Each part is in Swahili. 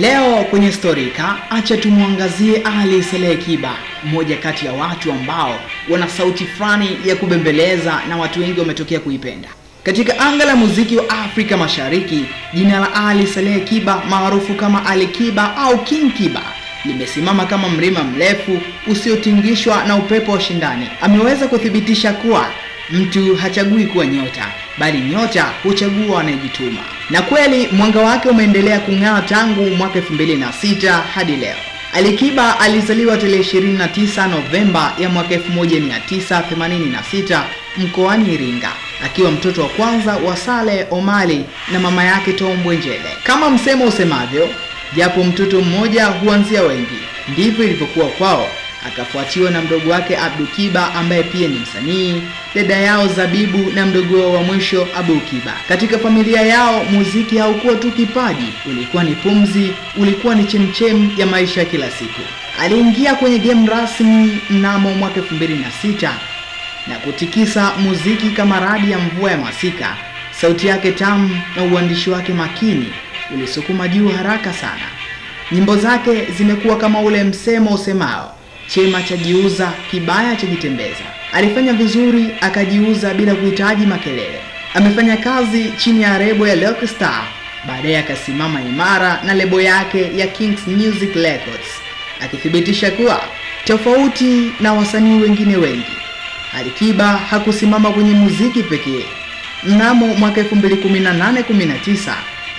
Leo kwenye Storika acha tumwangazie Ali Selehe Kiba, mmoja kati ya watu ambao wana sauti fulani ya kubembeleza na watu wengi wametokea kuipenda katika anga la muziki wa Afrika Mashariki. Jina la Ali Selehe Kiba maarufu kama Ali Kiba au King Kiba limesimama kama mlima mrefu usiotingishwa na upepo wa shindani. Ameweza kuthibitisha kuwa Mtu hachagui kuwa nyota, bali nyota huchagua anayejituma. Na kweli mwanga wake umeendelea kung'aa tangu mwaka sita hadi leo. Alikiba alizaliwa tarehe 29 Novemba ya mwaka 1986 mkoani Iringa akiwa mtoto wa kwanza wa Sale Omali na mama yake Tombwe Njele. Kama msemo usemavyo, japo mtoto mmoja huanzia wengi, ndivyo ilivyokuwa kwao akafuatiwa na mdogo wake kiba ambaye pia ni msanii, dada yao Zabibu na mdogo wao wa mwisho Abukiba. Katika familia yao muziki haukuwa tu kipaji, ulikuwa ni pumzi, ulikuwa ni chemchem ya maisha kila siku. Aliingia kwenye game rasmi mnamo mwaka 2006 na kutikisa muziki kama radi ya mvua ya masika. Sauti yake tamu na uandishi wake makini ulisukuma juu haraka sana. Nyimbo zake zimekuwa kama ule msemo usemao Chema chajiuza, kibaya chajitembeza. Alifanya vizuri akajiuza bila kuhitaji makelele. Amefanya kazi chini ya lebo ya Lucky Star, baadaye akasimama imara na lebo yake ya Kings Music Records, akithibitisha kuwa tofauti na wasanii wengine wengi, Alikiba hakusimama kwenye muziki pekee. Mnamo mwaka 2018-19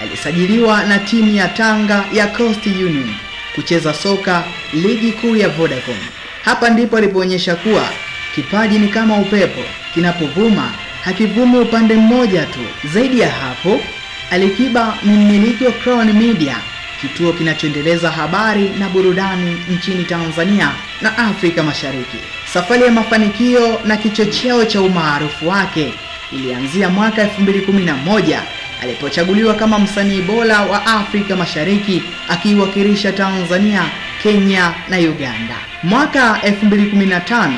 alisajiliwa na timu ya Tanga ya Coast Union kucheza soka ligi kuu ya Vodacom. Hapa ndipo alipoonyesha kuwa kipaji ni kama upepo, kinapovuma hakivumi upande mmoja tu. Zaidi ya hapo, Alikiba ni mmiliki wa Crown Media, kituo kinachoendeleza habari na burudani nchini Tanzania na Afrika Mashariki. Safari ya mafanikio na kichocheo cha umaarufu wake ilianzia mwaka 2011 alipochaguliwa kama msanii bora wa Afrika Mashariki akiwakilisha Tanzania, Kenya na Uganda. Mwaka 2015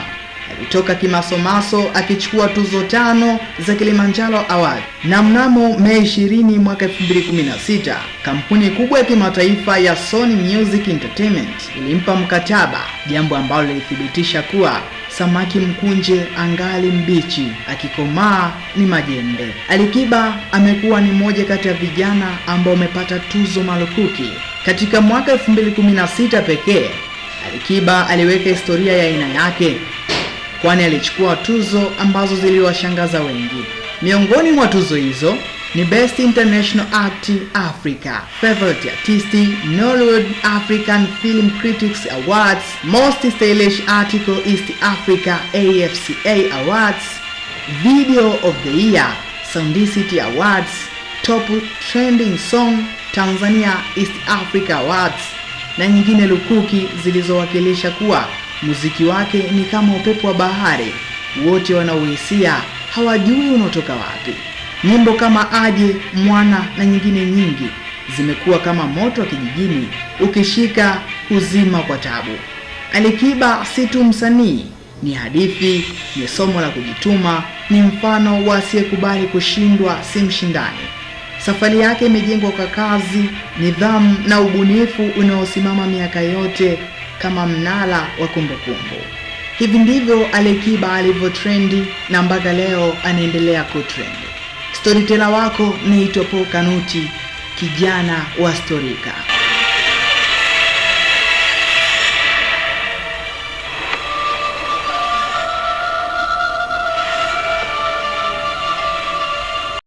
alitoka kimasomaso akichukua tuzo tano za Kilimanjaro Award, na mnamo Mei 20 mwaka 2016 kampuni kubwa ya kimataifa ya Sony Music Entertainment ilimpa mkataba, jambo ambalo lilithibitisha kuwa samaki mkunje angali mbichi, akikomaa ni majembe. Alikiba amekuwa ni mmoja kati ya vijana ambao wamepata tuzo malukuki. Katika mwaka 2016 pekee, Alikiba aliweka historia ya aina yake, kwani alichukua tuzo ambazo ziliwashangaza wengi. Miongoni mwa tuzo hizo ni Best International Act Africa, Favorite Artist Nollywood African Film Critics Awards, Most Stylish Article East Africa AFCA Awards, Video of the Year, Soundicity Awards, Top Trending Song Tanzania East Africa Awards na nyingine lukuki zilizowakilisha kuwa muziki wake ni kama upepo wa bahari, wote wanaohisia hawajui unaotoka wapi. Nyimbo kama Aje Mwana na nyingine nyingi zimekuwa kama moto wa kijijini, ukishika huzima kwa tabu. Alikiba si tu msanii, ni hadithi, ni somo la kujituma, ni mfano wa asiyekubali kushindwa, si mshindani. Safari yake imejengwa kwa kazi, nidhamu na ubunifu unaosimama miaka yote kama mnara wa kumbukumbu. Hivi ndivyo Alikiba alivyotrendi na mpaka leo anaendelea kutrendi storitela wako naitwa itopo Kanuti, kijana wa Storika.